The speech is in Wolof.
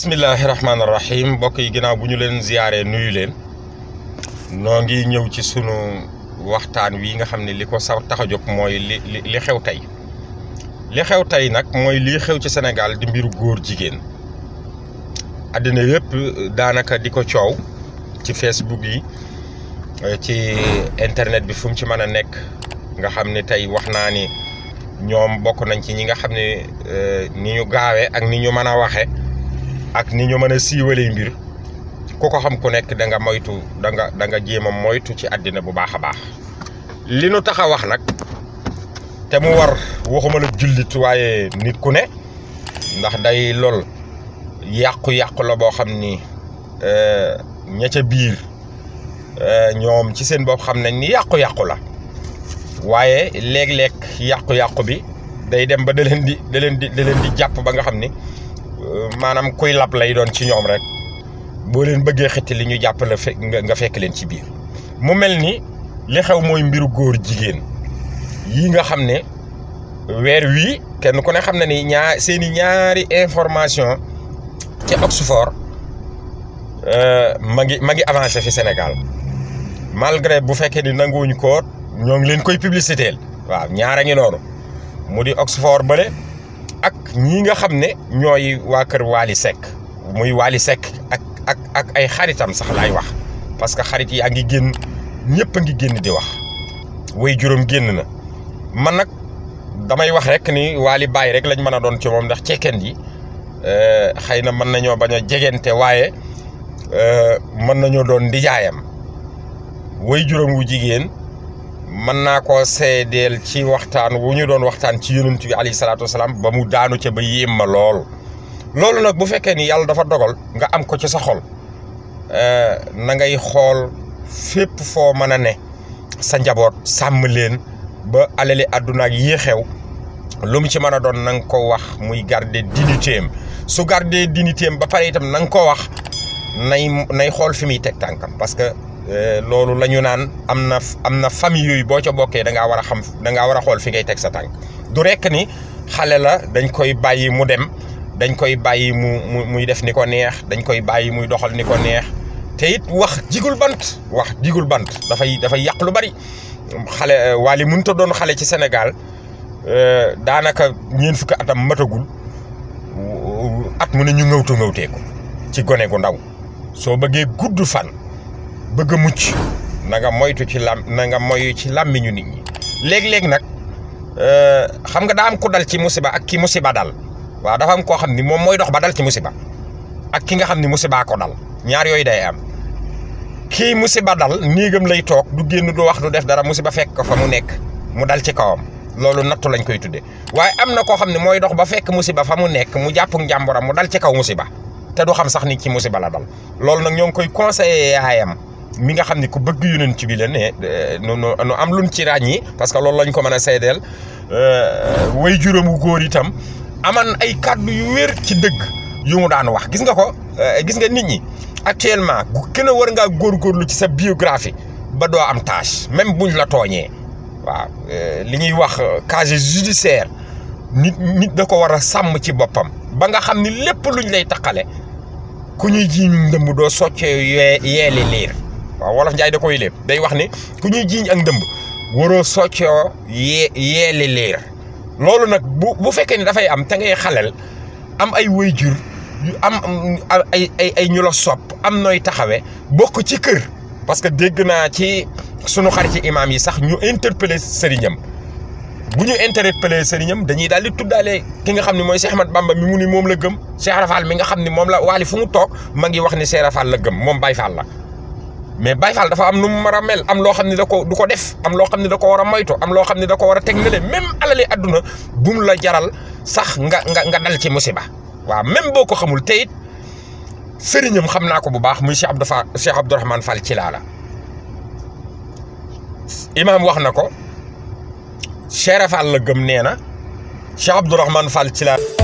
bismillahi rahmaani rahim mbokk yi ginnaaw bu ñu leen ziyaaree nuyu leen noo ngi ñëw ci sunu waxtaan wi nga xam ne li ko sa tax a jóg mooy li li xew tey li xew tey nag mooy lii xew ci senegal di mbiru góor jigéen àddina yëpp daanaka di ko coow ci Facebook yi eh, ci internet bi fum ci mën a nekk nga xam ni tey wax naa ni ñoom bokk nañ ci ñi nga xam ne eh, ni ñu gaawe ak ni ñu mën a waxee ak ni ñu mën a siiwalee mbir ku ko xam ku nekk da nga moytu da nga da nga jéem a moytu ci àddina bu baax a baax li nu tax a wax nag te mu war waxuma la jullit waaye nit ku ne ndax day lool yàqu-yàqu la boo xam ni euh, ña ca biir euh, ñoom ci seen bopp xam nañ ni yàqu-yàqu la waaye léeg-léeg yàqu-yàqu bi day dem ba da di daleen leen di da di jàpp ba nga xam ni manam kuy lap lay doon ci ñom rek bo leen bëggee xëtti li ñu jàppale fe nga fekk leen ci biir mu melni li xew moy mbiru goor jigen yi nga xam wër wi kenn ku ne xam ni ñaar seeni ñaari information ci Oxford euh, ma ngi ma ngi fi Sénégal malgré bu fekkee ni nanguñ ko ñong leen koy publicité waaw ñaara ngi nonu mu di Oxford balé ak ñi nga xam ne ñooy waa kër Waly sekk muy Waly sekk ak ak ak ay xaritam sax laay wax parce que xarit yi a ngi génn ñëpp a ngi génn di wax way juróom génn na man nag damay wax rek ni Waly Baye rek lañ mën a doon ci moom ndax ceekeen yi eh, xëy na mën nañoo bañ a jegente waaye eh, mën nañoo doon ndijaayam way juróom wu jigéen mën naa koo seedeel ci waxtaan wu ñu doon waxtaan ci yonent bi alayhi salaatu wasalaam ba mu daanu ca ba yéem ma lool loolu nag bu fekkee ni yàlla dafa dogal nga am ko ci sa xol eh, na ngay xool fépp foo mën a ne sa njaboot sàmm leen ba alali àdduna ak yi xew ci mën a doon na nga ko wax muy garder dignité su garder dignité am ba pare na nga ko wax nay nay xool fi muy teg tànkam parce que Eh, loolu la ñu naan am na am na famille yooyu boo ca bokkee da ngaa war a xam da war a xool fi ngay teg sa tànk du rekk ni xale la dañ koy bàyyi mu dem dañ koy bàyyi mu mu muy def ni ko neex dañ koy bàyyi muy doxal ni ko neex te it wax jigul bant wax jigul bant dafay dafay yàq lu bari xale eh, Wally mënut a doon xale ci Sénégal eh, daanaka ñeent fukki atam matagul at mu ne ñu ngëwtu ngëwteeku ci gone gu ndaw soo bëggee gudd fan. bëgg a mucc na nga moytu ci lam na ci làmmiñu nit léeg-léeg nag euh, xam nga daa am ku dal ci musiba ak ki musiba dal waaw dafa am koo xam ni moom mooy dox ba dal ci musiba ak ki nga xam ni musibaa ko dal yooyu day am kii musiba dal néegam lay toog du génn du wax du def dara musiba fekk ko fa mu nekk mu dal ci kawam loolu nattu lañ koy tudde waaye am na koo xam ne mooy dox ba fekk musiba fa mu nekk mu jàpp njàmburam mu dal ci kaw musiba te du xam sax ni ci musiba la dal loolu nag ñoo koy conseillé yaayam mi nga xamni ku bëgg yonent bi la ne no eh, no am luñ ci rañi parce que loolu lañ ko mëna sédel euh way juróom wu itam aman ay cadeau yu wër ci dëgg yu mu daan wax gis nga ko eh, gis nga nit ñi actuellement wër nga goor goor lu ci sa biographie ba do am tâche même buñ la tooñee wa eh, li ñuy wax casier judiciaire nit nit da ko wara sam ci bopam ba nga xamni lepp luñ lay takalé ku ñuy jiiñ ndëmb doo soccee yee yeeli waaw wolof Njaay da koy lépp day wax ni ku ñuy jiiñ ak ndëmb waroo soccoo yee yeele liir loolu nag bu bu fekkee ne dafay am te ngay xaleel am ay waajur am ay ay ay ñu la sopp am nooy taxawee bokk ci kër parce que dégg naa ci sunu xarit ci imaam yi sax ñu interpellé sëriñam bu ñu interpellé sëriñam dañuy daal di tuddaale ki nga xam ni mooy Cheikh Bamba mi mu nii moom la gëm Cheikh Rafal mi nga xam ni moom la waali fu mu toog ma ngi wax ni Cheikh Rafal la gëm moom Baye la. mais Baye Fall dafa am nu mu war a mel am loo xam ne da ko du ko def am loo xam ne da ko war a moytu am loo xam ne da ko war a teg ne le même alali àdduna bu mu la jaral sax nga nga nga dal ci musiba waaw même boo ko xamul te it sëriñam xam naa ko bu baax muy Cheikh Abdou Fall Cheikh Abdourahmane Fall ci laa la imaam wax na ko Cheikh Fall la gëm nee na Cheikh Abdourahmane Fall ci laa